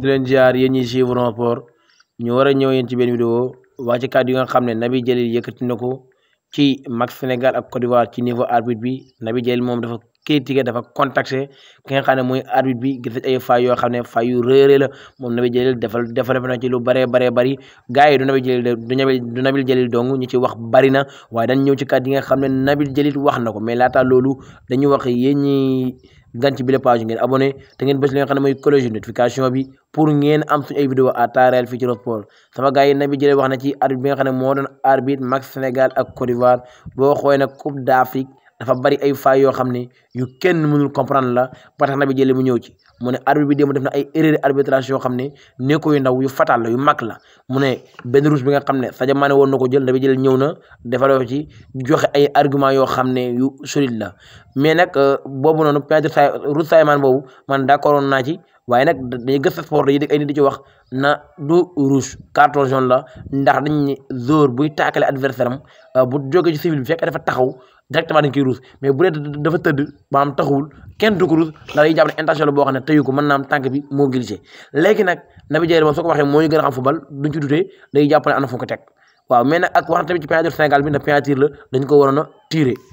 di leen ziar yéen ñiy suivre en rapport ñu war a ñëw yéen ci benn vidéo wax ci kàddu yi xam ne Naby Djellit yëkkati na ko ci match Sénégal ak Côte d'Ivoire ci niveau arbitre bi Naby Djellit moom dafa critiqué dafa contacté ki nga xam ne mooy arbitre bi gis ay fay yoo xam ne fay yu réeré la moom Naby Djellit defal defal na ci lu bëree bëree bëri gars yi du Naby Djellit du Naby Djellit dong ñu ci wax bëri na waaye dañ ñëw ci yi nga xam ne Naby Djellit wax na ko mais laata loolu dañuy wax yéen gan ci bile page ngeen abonné te ngeen bës li nga xam ne notification bi pour ngeen am suñu ay vidéo à temps réel fii ci sport sama wax na ci arbitre bi nga xam ne moo doon arbitre match Sénégal a Côte d'Ivoire boo xoolee nag Coupe d'Afrique dafa bari ay faay yoo xam ne yu kenn munul comprendre la ba tax na jëlee mu ñëw ci mu ne arbitre bi démb def na ay erreur arbitrage yoo xam ne nekko yu ndaw yu fatal la yu mag la mu ne benn rouge bi nga xam ne Sadio Mané woon na ko jël da bi jëlee ñëw na defaloo ci joxe ay argument yoo xam ne yu solide la mais nag euh, boobu noonu peut être rouge Sadio Mané boobu man d'accord woon naa ci waaye nag day gës sport yi dégg ay di ci wax na du rouge carton jaune la ndax dañ ne joueur buy taakale adversaire euh, bu joge ci civil bi fekk dafa taxaw directement dañ koy rouge mais bu dee dafa tëdd maanaam taxawul kenn du ko rouge ndax yi jàpp ne intention la boo xam ne tëyu ko mën naa am tànk bi moo glissé léegi nag Naby Diarra moom soo ko waxee moo ñu gën a xam football duñ ci dutee day jàpp ne ana fu teg waaw mais nag ak wax tamit ci penalty bi na penalty la dañ ko waroon a tiré